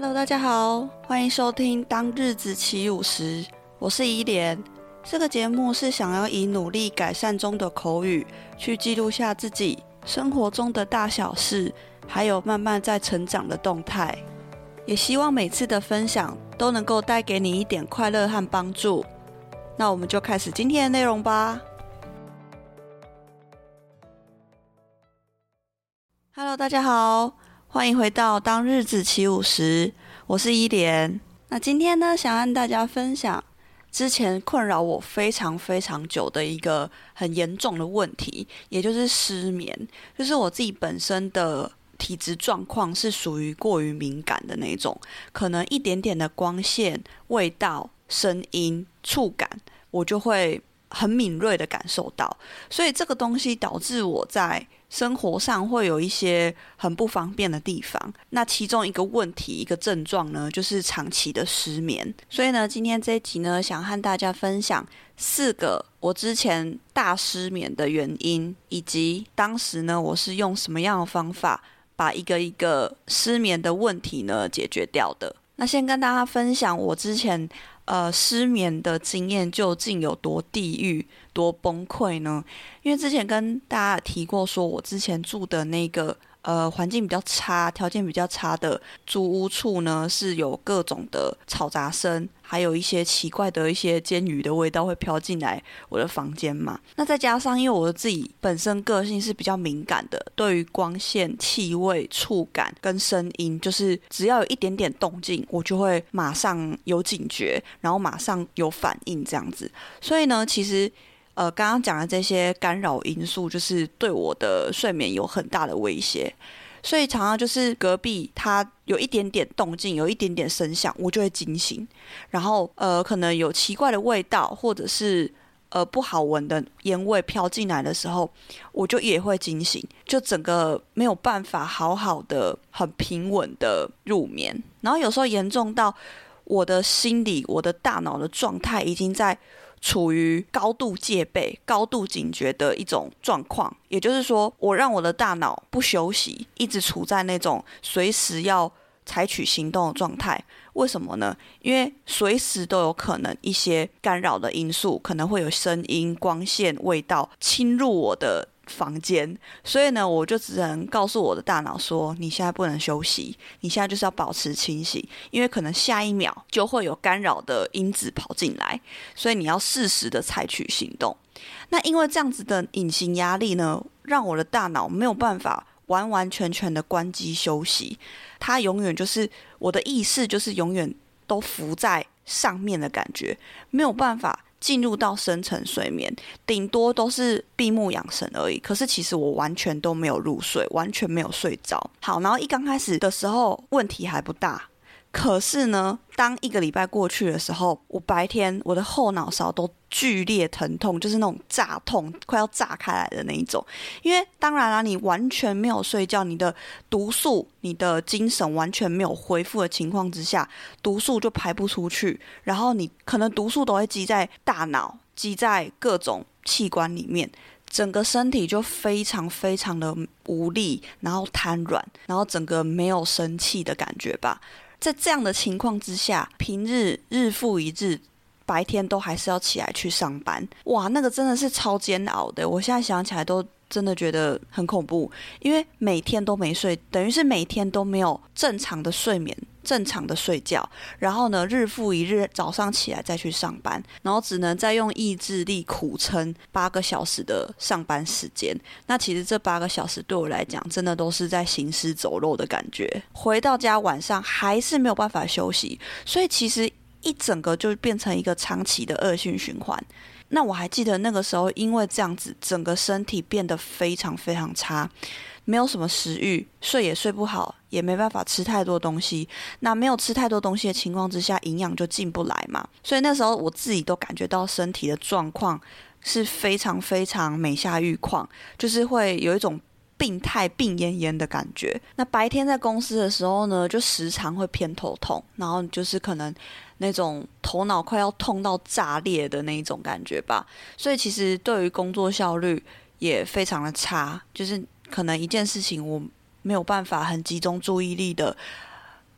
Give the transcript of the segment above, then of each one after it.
Hello，大家好，歡迎收聽《當日子起舞時》，我是伊蓮。這個節目是想要以努力改善中的口語，去記錄下自己生活中的大小事，還有慢慢在成長的動態。也希望每次的分享都能夠帶給你一點快樂和幫助。那我們就開始今天的內容吧。Hello，大家好。歡迎回到《當日子起舞時》，我是伊蓮。那今天呢，想跟大家分享之前困擾我非常非常久的一個很嚴重的問題，也就是失眠。就是我自己本身的體質狀況是屬於過於敏感的那種，可能一點點的光線、味道、聲音、觸感，我就會很敏銳地感受到。所以這個東西導致我在，生活上會有一些很不方便的地方，那其中一個問題、一個症狀呢，就是長期的失眠。所以呢，今天這一集呢，想和大家分享四個我之前大失眠的原因，以及當時呢，我是用什麼樣的方法把一個一個失眠的問題呢解決掉的。那先跟大家分享我之前。呃，失眠的經驗究竟有多地獄、多崩潰呢？因為之前跟大家提過，說我之前住的那個。呃，環境比較差、條件比較差的租屋處呢，是有各種的嘈雜聲，還有一些奇怪的一些煎魚的味道會飄進來我的房間嘛。那再加上，因為我自己本身個性是比較敏感的，對於光線、氣味、觸感跟聲音，就是只要有一點點動靜，我就會馬上有警覺，然後馬上有反應這樣子。所以呢，其實。呃，剛剛講的這些干擾因素，就是對我的睡眠有很大的威脅，所以常常就是隔壁他有一點點動靜，有一點點聲響，我就會驚醒，然後呃，可能有奇怪的味道，或者是呃不好聞的煙味飄進來的時候，我就也會驚醒，就整個沒有辦法好好的、很平穩的入眠，然後有時候嚴重到我的心理、我的大腦的狀態已經在。處於高度戒備、高度警覺的一種狀況，也就是說，我讓我的大腦不休息，一直處在那種隨時要採取行動的狀態。為什麼呢？因為隨時都有可能一些干擾的因素，可能會有聲音、光線、味道侵入我的。房間，所以呢，我就只能告訴我的大腦說：“你現在不能休息，你現在就是要保持清醒，因為可能下一秒就會有干擾的因子跑進來，所以你要適時的採取行動。”那因為這樣子的隱形壓力呢，讓我的大腦沒有辦法完完全全的關機休息，它永遠就是我的意識，就是永遠都浮在上面的感覺，沒有辦法。進入到深層睡眠，頂多都是閉目養神而已。可是其實我完全都沒有入睡，完全沒有睡着。好，然後一剛開始的時候，問題還不大。可是呢，當一個禮拜過去的時候，我白天我的後腦勺都劇烈疼痛，就是那種炸痛，快要炸開來的那一種。因為當然啦，你完全沒有睡覺，你的毒素、你的精神完全沒有恢復的情況之下，毒素就排不出去，然後你可能毒素都會積在大腦、積在各種器官裡面，整個身體就非常非常的無力，然後癱軟，然後整個沒有生氣的感覺吧。在這樣的情況之下，平日日復一日，白天都還是要起來去上班，哇，那個真的是超煎熬的。我現在想起來都真的覺得很恐怖，因為每天都沒睡，等於是每天都沒有正常的睡眠。正常的睡覺，然後呢，日復一日，早上起來再去上班，然後只能再用意志力苦撐八個小時的上班時間。那其實這八個小時對我來講，真的都是在行屍走肉的感覺。回到家晚上還是沒有辦法休息，所以其實一整個就變成一個長期的惡性循環。那我還記得那個時候，因為這樣子，整個身體變得非常非常差，沒有什麼食欲，睡也睡不好，也沒辦法吃太多東西。那沒有吃太多東西的情況之下，營養就進不來嘛。所以那時候我自己都感覺到身體的狀況是非常非常每下愈況，就是會有一種。病態、病懨懨的感覺。那白天在公司的時候呢，就時常會偏頭痛，然後就是可能那種頭腦快要痛到炸裂的那一種感覺吧。所以其實對於工作效率也非常的差，就是可能一件事情我沒有辦法很集中注意力的，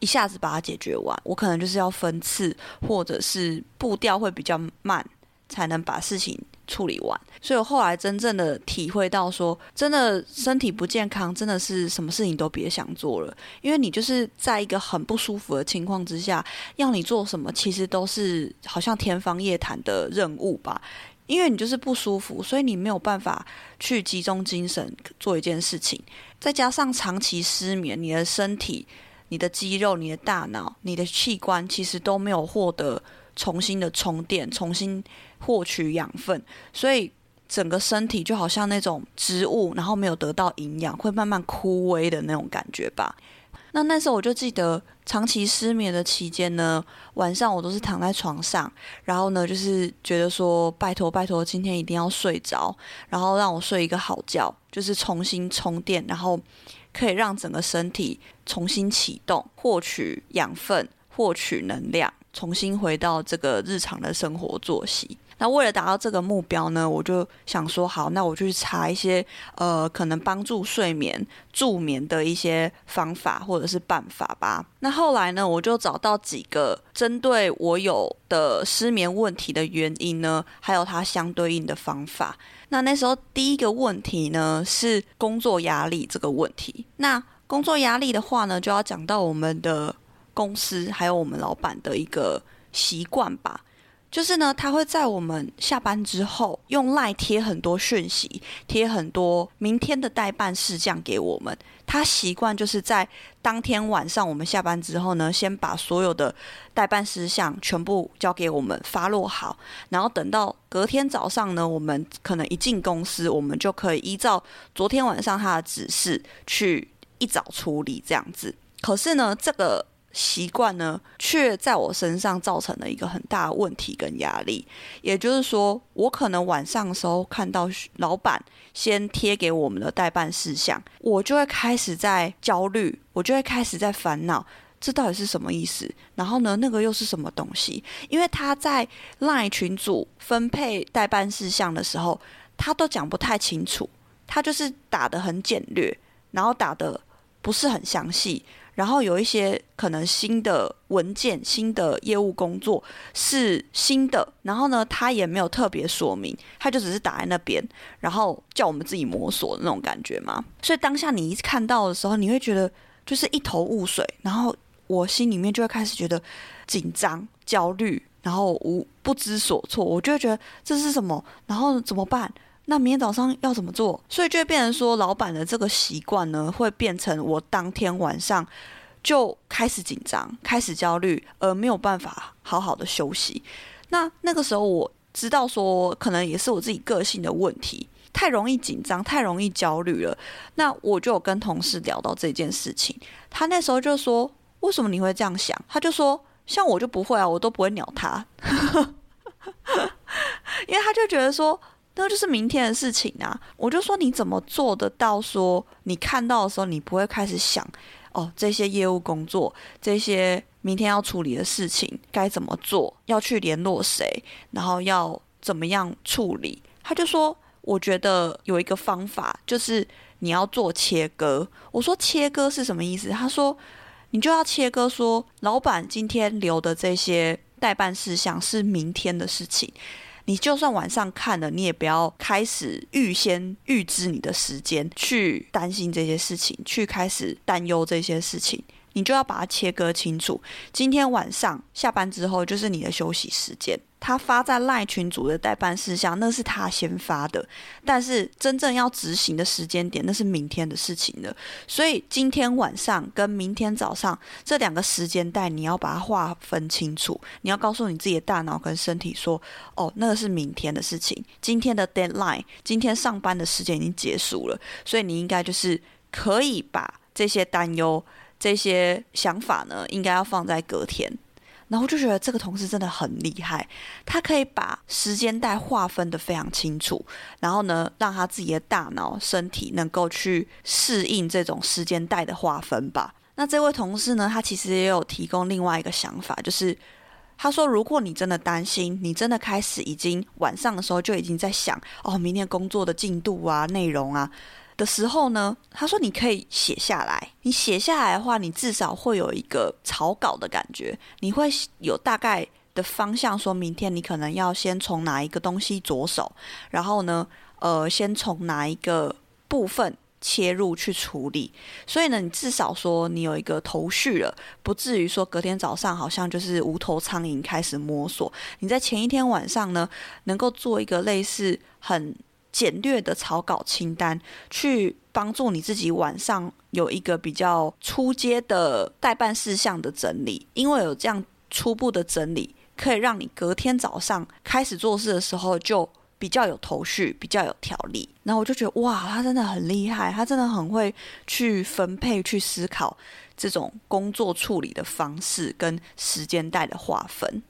一下子把它解決完。我可能就是要分次，或者是步調會比較慢，才能把事情。處理完，所以我後來真正的體會到說，說真的，身體不健康，真的是什麼事情都別想做了。因為你就是在一個很不舒服的情況之下，要你做什麼，其實都是好像天方夜譚的任務吧。因為你就是不舒服，所以你沒有辦法去集中精神做一件事情。再加上長期失眠，你的身體、你的肌肉、你的大腦、你的器官，其實都沒有獲得重新的充電、重新。獲取養分，所以整個身體就好像那種植物，然後沒有得到營養，會慢慢枯萎的那種感覺吧。那那時候我就記得，長期失眠的期間呢，晚上我都是躺在床上，然後呢，就是覺得說，拜托拜托，今天一定要睡着，然後讓我睡一個好覺，就是重新充電，然後可以讓整個身體重新啟動，獲取養分，獲取能量，重新回到這個日常的生活作息。那為了達到這個目標呢，我就想說好，那我去查一些，呃，可能幫助睡眠助眠的一些方法或者是辦法吧。那後來呢，我就找到幾個針對我有的失眠問題的原因呢，還有它相對應的方法。那那時候第一個問題呢是工作壓力這個問題。那工作壓力的話呢，就要講到我們的公司還有我們老板的一個習慣吧。就是呢，他會在我們下班之後用 LINE 貼很多訊息，貼很多明天的待辦事項給我們。他習慣就是在當天晚上我們下班之後呢，先把所有的待辦事項全部交給我們發落好，然後等到隔天早上呢，我們可能一進公司，我們就可以依照昨天晚上他的指示去一早處理這樣子。可是呢，這個。習慣呢，卻在我身上造成了一個很大的問題跟壓力。也就是說，我可能晚上的時候看到老闆先貼給我們的代辦事項，我就會開始在焦慮，我就會開始在煩惱，這到底是什麼意思？然後呢，那個又是什麼東西？因為他在 LINE 群組分配代辦事項的時候，他都講不太清楚，他就是打得很簡略，然後打得不是很詳細。然後有一些可能新的文件、新的業務工作是新的，然後呢，他也沒有特別說明，他就只是打在那邊，然後叫我們自己摸索的那種感覺嘛。所以當下你一看到的時候，你會覺得就是一頭霧水，然後我心裡面就會開始覺得緊張、焦慮，然後無，不知所措，我就會覺得這是什麼，然後怎麼辦？那明天早上要怎麼做？所以就會變成說，老闆的這個習慣呢，會變成我當天晚上就開始緊張、開始焦慮，而沒有辦法好好的休息。那那個時候我知道說，可能也是我自己個性的問題，太容易緊張、太容易焦慮了。那我就有跟同事聊到這件事情，他那時候就說：“為什麼你會這樣想？”他就說：“像我就不會啊，我都不會鳥他， 因為他就覺得說。”那就是明天的事情啊！我就說你怎麼做得到說？說你看到的時候，你不會開始想哦，這些業務工作，這些明天要處理的事情該怎麼做，要去聯絡誰，然後要怎麼樣處理？他就說，我覺得有一個方法，就是你要做切割。我說切割是什麼意思？他說你就要切割，說老闆今天留的這些待辦事項是明天的事情。你就算晚上看了，你也不要開始預先預知你的時間，去擔心這些事情，去開始擔憂這些事情。你就要把它切割清楚。今天晚上下班之後，就是你的休息時間。他發在賴群組的代辦事項，那是他先發的，但是真正要執行的時間點，那是明天的事情了。所以今天晚上跟明天早上這兩個時間帶，你要把它劃分清楚。你要告訴你自己的大腦跟身體說：“哦，那個是明天的事情，今天的 deadline，今天上班的時間已經結束了，所以你應該就是可以把這些擔憂、這些想法呢，應該要放在隔天。”然後就覺得這個同事真的很厲害，他可以把時間帶劃分得非常清楚，然後呢，讓他自己的大腦、身體能夠去適應這種時間帶的劃分吧。那這位同事呢，他其實也有提供另外一個想法，就是他說，如果你真的擔心，你真的開始已經晚上的時候就已經在想，哦，明天工作的進度啊、內容啊。的時候呢，他說你可以寫下來。你寫下來的話，你至少會有一個草稿的感覺，你會有大概的方向，說明天你可能要先從哪一個東西着手，然後呢，呃，先從哪一個部分切入去處理。所以呢，你至少說你有一個頭緒了，不至於說隔天早上好像就是無頭蒼蠅開始摸索。你在前一天晚上呢，能夠做一個類似很簡略的草稿清單，去幫助你自己晚上有一個比較初階的待辦事項的整理。因為有這樣初步的整理，可以讓你隔天早上開始做事的時候就比較有頭緒，比較有條理。然後我就覺得，哇，他真的很厲害，他真的很會去分配、去思考這種工作處理的方式跟時間帶的劃分。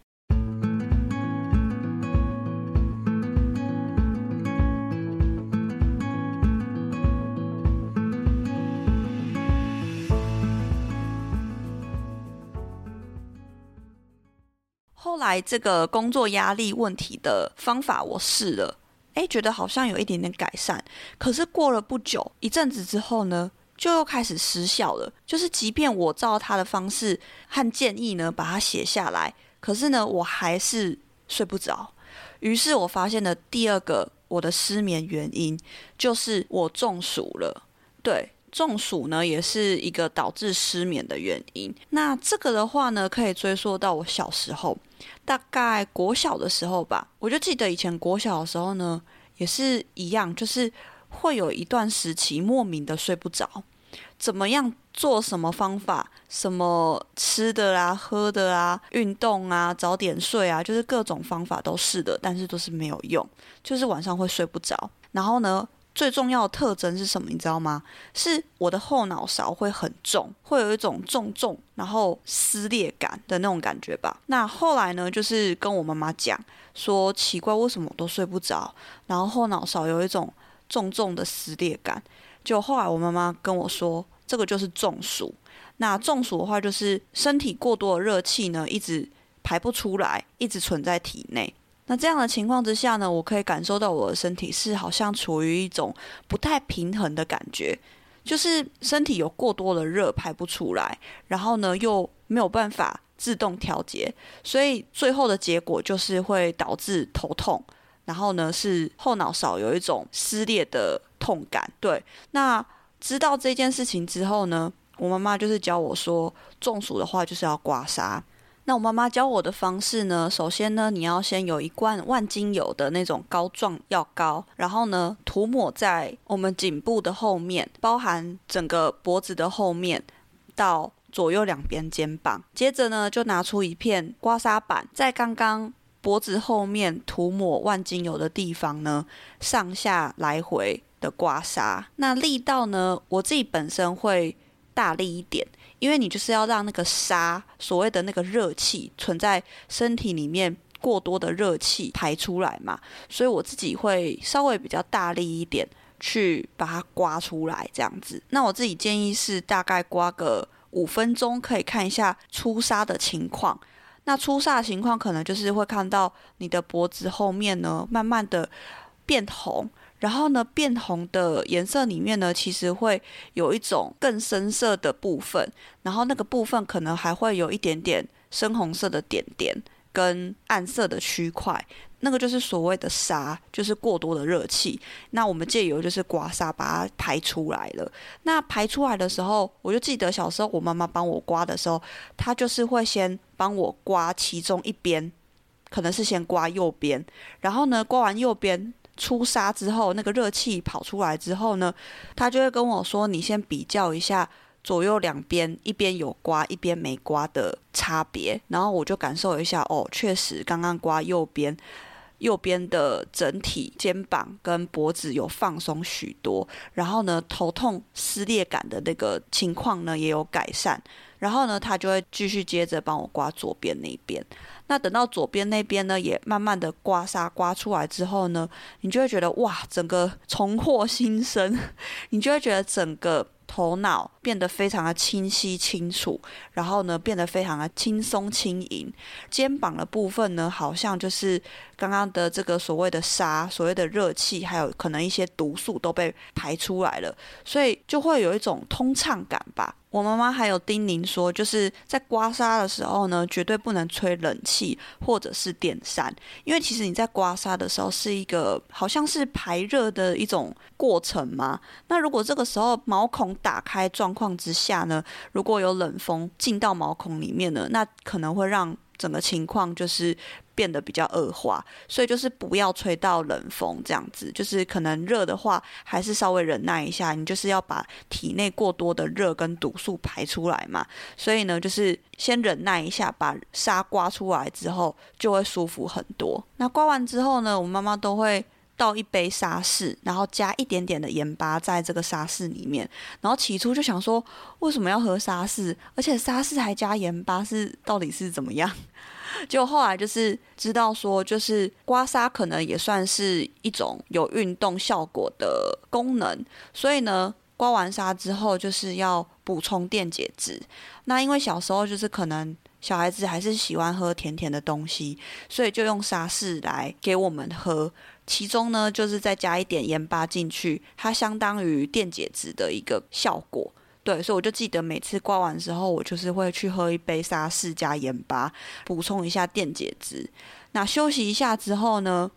後來，這個工作壓力問題的方法我試了，哎，覺得好像有一點點改善。可是過了不久，一陣子之後呢，就又開始失效了。就是，即便我照他的方式和建議呢，把它寫下來，可是呢，我還是睡不着。於是，我發現了第二個我的失眠原因，就是我中暑了。對。中暑呢，也是一個導致失眠的原因。那這個的話呢，可以追溯到我小時候，大概國小的時候吧。我就記得以前國小的時候呢，也是一樣，就是會有一段時期莫名的睡不着。怎麼樣做什麼方法，什麼吃的啦、啊、喝的啊、運動啊、早點睡啊，就是各種方法都試的，但是都是沒有用，就是晚上會睡不着。然後呢，最重要的特徵是什麼？你知道嗎？是我的後腦勺會很重，會有一種重重然後撕裂感的那種感覺吧。那後來呢，就是跟我媽媽講說，奇怪，為什麼我都睡不着，然後後腦勺有一種重重的撕裂感。就後來我媽媽跟我說，這個就是中暑。那中暑的話，就是身體過多的熱氣呢，一直排不出來，一直存在體內。那這樣的情況之下呢，我可以感受到我的身體是好像處於一種不太平衡的感覺，就是身體有過多的熱排不出來，然後呢又沒有辦法自動調節，所以最後的結果就是會導致頭痛，然後呢是後腦勺有一種撕裂的痛感。對，那知道這件事情之後呢，我媽媽就是教我說，中暑的話就是要刮痧。那我媽媽教我的方式呢，首先呢，你要先有一罐萬金油的那種膏狀藥膏，然後呢，塗抹在我們頸部的後面，包含整個脖子的後面到左右兩邊肩膀。接着呢，就拿出一片刮痧板，在剛剛脖子後面塗抹萬金油的地方呢，上下來回的刮痧。那力道呢，我自己本身會大力一點，因為你就是要讓那個痧，所謂的那個熱氣存在身體裡面過多的熱氣排出來嘛，所以我自己會稍微比較大力一點去把它刮出來，這樣子。那我自己建議是大概刮個五分鐘，可以看一下出痧的情況。那出痧的情況可能就是會看到你的脖子後面呢，慢慢的。變紅，然後呢，變紅的顏色裡面呢，其實會有一種更深色的部分，然後那個部分可能還會有一點點深紅色的點點跟暗色的區塊，那個就是所謂的痧，就是過多的熱氣。那我們借由就是刮痧把它排出來了。那排出來的時候，我就記得小時候我媽媽幫我刮的時候，她就是會先幫我刮其中一邊，可能是先刮右邊，然後呢，刮完右邊。出痧之後，那個熱氣跑出來之後呢，他就會跟我說：“你先比較一下左右兩邊，一邊有刮，一邊沒刮的差別。”然後我就感受一下，哦，確實剛剛刮右邊。右邊的整體肩膀跟脖子有放鬆許多，然後呢，頭痛撕裂感的那個情況呢也有改善，然後呢，他就會繼續接着幫我刮左邊那邊。那等到左邊那邊呢也慢慢的刮痧刮出來之後呢，你就會覺得哇，整個重獲新生，你就會覺得整個。頭腦變得非常的清晰清楚，然後呢，變得非常的輕鬆輕盈，肩膀的部分呢，好像就是剛剛的這個所謂的沙，所謂的熱氣，還有可能一些毒素都被排出來了，所以就會有一種通暢感吧。我媽媽還有叮嚀說，就是在刮痧的時候呢，絕對不能吹冷氣或者是電扇，因為其實你在刮痧的時候是一個好像是排熱的一種過程嘛。那如果這個時候毛孔打開狀況之下呢，如果有冷風進到毛孔裡面呢，那可能會讓整個情況就是。變得比較惡化，所以就是不要吹到冷風這樣子，就是可能熱的話還是稍微忍耐一下。你就是要把體內過多的熱跟毒素排出來嘛，所以呢就是先忍耐一下，把沙刮出來之後就會舒服很多。那刮完之後呢，我媽媽都會倒一杯沙士，然後加一點點的鹽巴在這個沙士裡面。然後起初就想說，為什麼要喝沙士？而且沙士還加鹽巴是到底是怎麼樣？就後來就是知道說，就是刮痧可能也算是一種有運動效果的功能，所以呢，刮完痧之後就是要補充電解質。那因為小時候就是可能小孩子還是喜歡喝甜甜的東西，所以就用沙士來給我們喝，其中呢就是再加一點鹽巴進去，它相當於電解質的一個效果。對，所以我就記得每次刮完之後，我就是會去喝一杯沙士加鹽巴，補充一下電解質。那休息一下之後呢，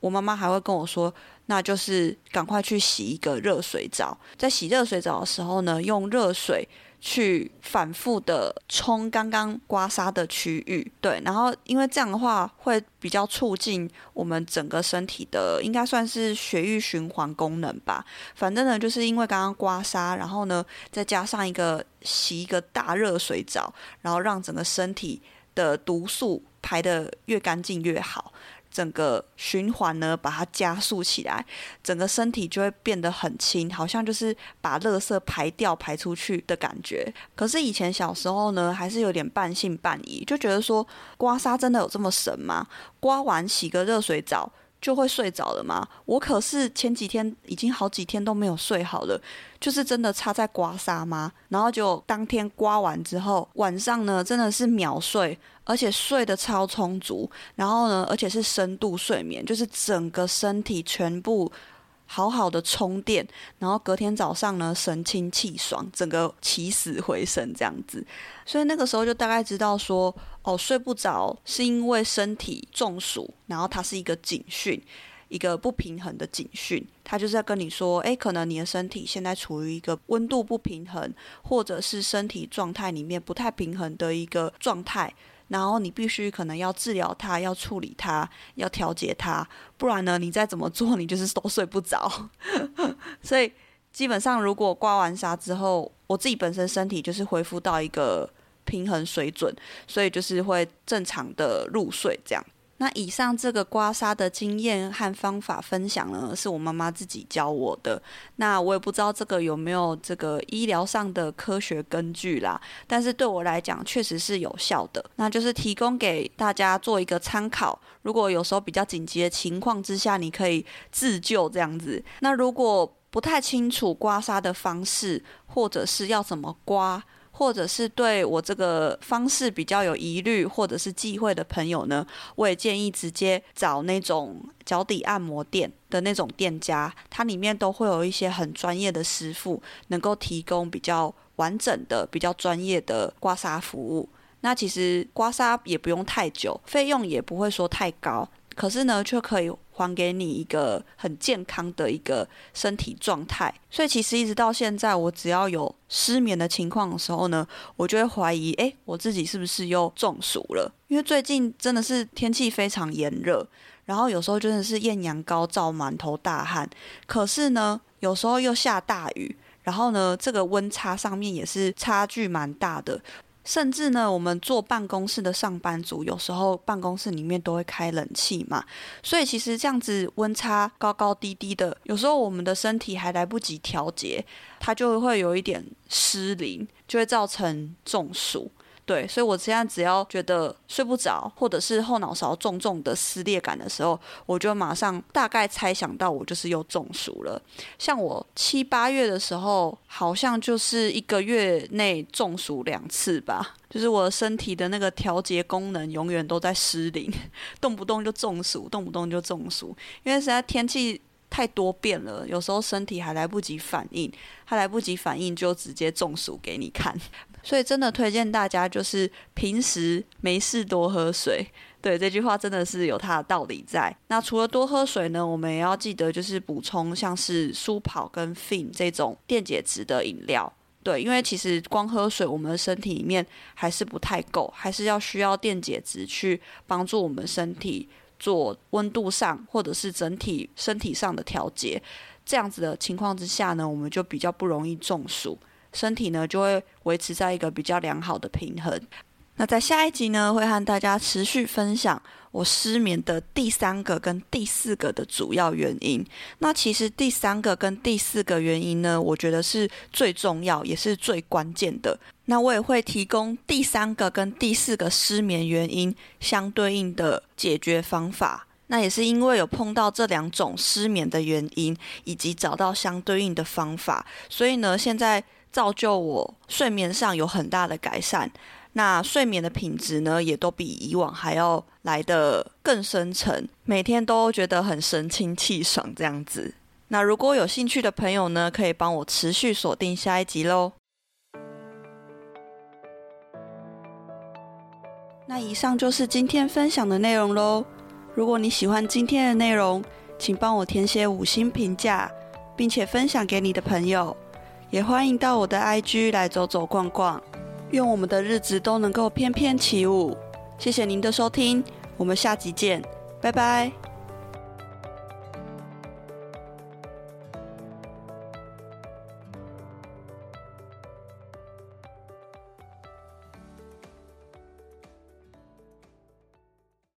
我媽媽還會跟我說，那就是趕快去洗一個熱水澡。在洗熱水澡的時候呢，用熱水。去反覆的沖剛剛刮痧的區域，對，然後因為這樣的話會比較促進我們整個身體的，應該算是血液循環功能吧。反正呢，就是因為剛剛刮痧，然後呢再加上一個洗一個大熱水澡，然後讓整個身體的毒素排得越乾淨越好。整個循環呢，把它加速起來，整個身體就會變得很輕，好像就是把垃圾排掉、排出去的感覺。可是以前小時候呢，還是有點半信半疑，就覺得說刮痧真的有這麼神嗎？刮完洗個熱水澡，就會睡着了嗎？我可是前幾天已經好幾天都沒有睡好了，就是真的差在刮痧嗎？然後就當天刮完之後，晚上呢，真的是秒睡，而且睡得超充足，然後呢，而且是深度睡眠，就是整個身體全部。好好的充電，然後隔天早上呢神清氣爽，整個起死回生這樣子。所以那個時候就大概知道說，哦睡不着是因為身體中暑，然後它是一個警訊，一個不平衡的警訊。它就是在跟你說，誒，可能你的身體現在處於一個溫度不平衡，或者是身體狀態裡面不太平衡的一個狀態。然後你必須可能要治療它，要處理它，要調節它，不然呢，你再怎麼做，你就是都睡不着。 所以基本上，如果刮完痧之後，我自己本身身體就是恢復到一個平衡水準，所以就是會正常的入睡這樣。那以上這個刮痧的經驗和方法分享呢，是我媽媽自己教我的。那我也不知道這個有沒有這個醫療上的科學根據啦，但是對我來講確實是有效的。那就是提供給大家做一個參考，如果有時候比較緊急的情況之下，你可以自救這樣子。那如果不太清楚刮痧的方式，或者是要怎麼刮？或者是對我這個方式比較有疑慮，或者是忌諱的朋友呢，我也建議直接找那種腳底按摩店的那種店家，它裡面都會有一些很專業的師傅，能夠提供比較完整的、比較專業的刮痧服務。那其實刮痧也不用太久，費用也不會說太高。可是呢，卻可以還給你一個很健康的一個身體狀態。所以其實一直到現在，我只要有失眠的情況的時候呢，我就會懷疑，誒、欸，我自己是不是又中暑了？因為最近真的是天氣非常炎熱，然後有時候真的是豔陽高照，滿頭大汗。可是呢，有時候又下大雨，然後呢，這個溫差上面也是差距蠻大的。甚至呢，我們坐辦公室的上班族，有時候辦公室裡面都會開冷氣嘛，所以其實這樣子溫差高高低低的，有時候我們的身體還來不及調節，它就會有一點失靈，就會造成中暑。對，所以我現在只要覺得睡不着，或者是後腦勺重重的撕裂感的時候，我就馬上大概猜想到我就是又中暑了。像我七八月的時候，好像就是一個月內中暑兩次吧，就是我身體的那個調節功能永遠都在失靈，動不動就中暑，動不動就中暑，因為現在天氣。太多變了，有時候身體還來不及反應，它來不及反應就直接中暑給你看。所以真的推薦大家，就是平時沒事多喝水。對，這句話真的是有它的道理在。那除了多喝水呢，我們也要記得就是補充像是舒跑跟 FIN 這種電解質的飲料。對，因為其實光喝水，我們的身體裡面還是不太夠，還是要需要電解質去幫助我們身體，做溫度上或者是整體身體上的調節，這樣子的情況之下呢，我們就比較不容易中暑，身體呢就會維持在一個比較良好的平衡。那在下一集呢，會和大家持續分享我失眠的第三個跟第四個的主要原因。那其實第三個跟第四個原因呢，我覺得是最重要也是最關鍵的。那我也會提供第三個跟第四個失眠原因相對應的解決方法。那也是因為有碰到這兩種失眠的原因，以及找到相對應的方法，所以呢，現在造就我睡眠上有很大的改善。那睡眠的品質呢，也都比以往還要來得更深沉，每天都覺得很神清氣爽這樣子。那如果有興趣的朋友呢，可以幫我持續鎖定下一集嘍。那以上就是今天分享的內容嘍。如果你喜歡今天的內容，請幫我填寫五星評價，並且分享給你的朋友，也歡迎到我的 IG 來走走逛逛。願我們的日子都能夠翩翩起舞。謝謝您的收聽，我們下集見，拜拜。